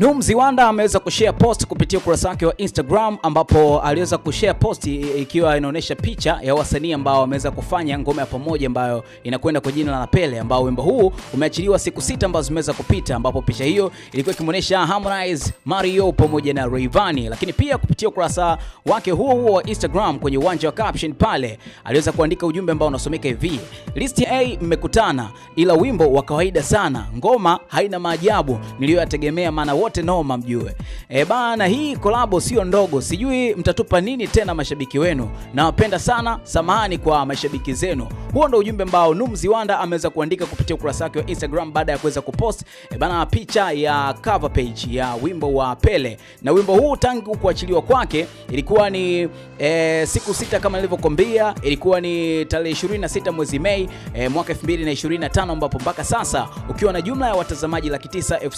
Nuh Mziwanda ameweza kushare post kupitia ukurasa wake wa Instagram ambapo aliweza kushare post ikiwa inaonyesha picha ya wasanii ambao wameweza kufanya ngoma ya pamoja ambayo inakwenda kwa jina la Napele, ambao wimbo huu umeachiliwa siku sita ambazo zimeweza kupita, ambapo picha hiyo ilikuwa ikimuonyesha Harmonize, Mario pamoja na Rayvanny. Lakini pia kupitia ukurasa wake huo huo wa Instagram kwenye uwanja wa caption pale aliweza kuandika ujumbe ambao unasomeka hivi: List A mmekutana, ila wimbo wa kawaida sana, ngoma haina maajabu niliyoyategemea, maana wote noma mjue. E bana, hii kolabo sio ndogo, sijui mtatupa nini tena mashabiki wenu. Nawapenda sana, samahani kwa mashabiki zenu. Huo ndo ujumbe ambao numzi wanda ameweza kuandika kupitia ukurasa wake wa Instagram baada ya kuweza kupost e bana, picha ya cover page ya wimbo wa Pele, na wimbo huu tangu kuachiliwa kwake ilikuwa ni e, siku sita kama nilivyokwambia, ilikuwa ni tarehe 26 mwezi Mei e, mwaka 2025 ambapo mpaka sasa ukiwa na jumla ya watazamaji laki tisa e,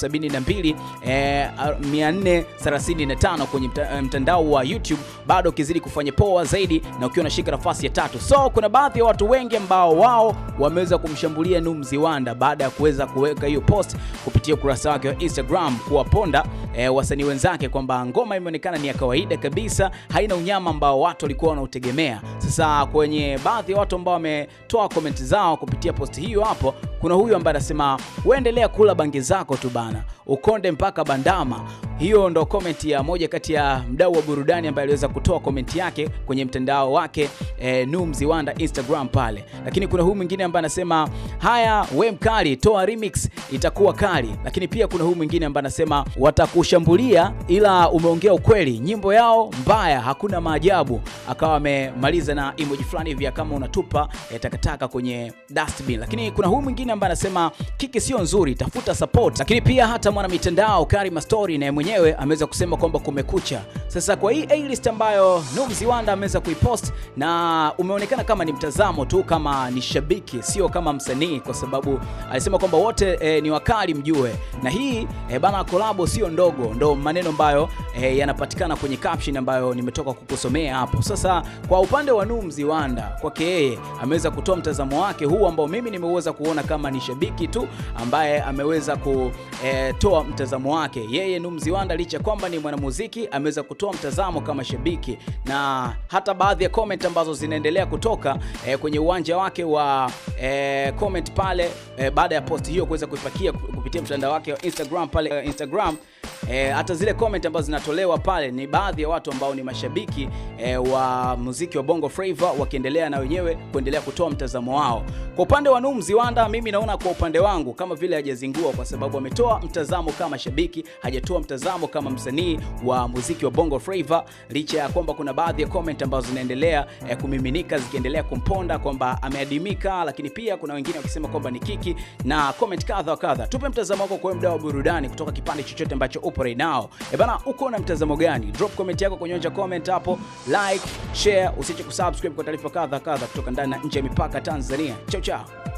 435 kwenye eh, mtandao wa YouTube, bado ukizidi kufanya poa zaidi na ukiwa unashika nafasi ya tatu. So kuna baadhi ya watu wengi ambao wao wameweza kumshambulia Nuh Mziwanda baada ya kuweza kuweka hiyo post kupitia ukurasa wake wa Instagram kuwaponda e, wasanii wenzake kwamba ngoma imeonekana ni ya kawaida kabisa, haina unyama ambao watu walikuwa wanautegemea. Sasa kwenye baadhi ya watu ambao wametoa comment zao kupitia post hiyo hapo, kuna huyu ambaye anasema, "Waendelea kula bangi zako tu bana. Ukonde mpaka Bandama Hiyo ndo komenti ya moja kati ya mdau wa burudani ambaye aliweza kutoa komenti yake kwenye mtandao wake e, eh, Numziwanda Instagram pale. Lakini kuna huyu mwingine ambaye anasema haya, we mkali, toa remix itakuwa kali. Lakini pia kuna huyu mwingine ambaye anasema watakushambulia, ila umeongea ukweli, nyimbo yao mbaya, hakuna maajabu. Akawa amemaliza na emoji fulani hivi kama unatupa e, takataka kwenye dustbin. Lakini kuna huyu mwingine ambaye anasema kiki sio nzuri, tafuta support. Lakini pia hata mwana mitandao Karima Story na mwenye mwenyewe ameweza kusema kwamba kumekucha. Sasa kwa hii A-list ambayo Nuh Ziwanda ameweza kuipost na umeonekana kama ni mtazamo tu, kama ni shabiki, sio kama msanii, kwa sababu alisema kwamba wote e, ni wakali mjue, na hii e, bana kolabo sio ndogo, ndo maneno ambayo e, yanapatikana kwenye caption ambayo nimetoka kukusomea hapo. Sasa kwa upande wa Nuh Ziwanda, kwake yeye ameweza kutoa mtazamo wake huu ambao mimi nimeweza kuona kama ni shabiki tu ambaye ameweza kutoa e, mtazamo wake yeye Nuh Ziwanda Rwanda, licha kwamba ni mwanamuziki, ameweza kutoa mtazamo kama shabiki, na hata baadhi ya comment ambazo zinaendelea kutoka eh, kwenye uwanja wake wa eh, comment pale eh, baada ya post hiyo kuweza kuipakia kupitia mtandao wake wa Instagram pale eh, Instagram E, hata zile comment ambazo zinatolewa pale ni baadhi ya watu ambao ni mashabiki e, wa muziki wa Bongo Flava wakiendelea na wenyewe kuendelea kutoa mtazamo wao. Kwa upande wa Nuh Mziwanda, mimi naona kwa upande wangu kama vile hajazingua, kwa sababu ametoa mtazamo kama shabiki, hajatoa mtazamo kama msanii wa muziki wa Bongo Flava, licha ya kwamba kuna baadhi ya comment ambazo zinaendelea e, kumiminika zikiendelea kumponda kwamba ameadimika, lakini pia kuna wengine wakisema kwamba ni kiki na comment kadha wa kadha. Tupe mtazamo wako kwa mda wa burudani kutoka kipande chochote ambacho upo right now. E bana, uko na mtazamo gani? Drop comment yako kwenye comment hapo, like, share, usiache kusubscribe kwa taarifa kadha kadha kutoka ndani na nje ya mipaka Tanzania. Chao chao.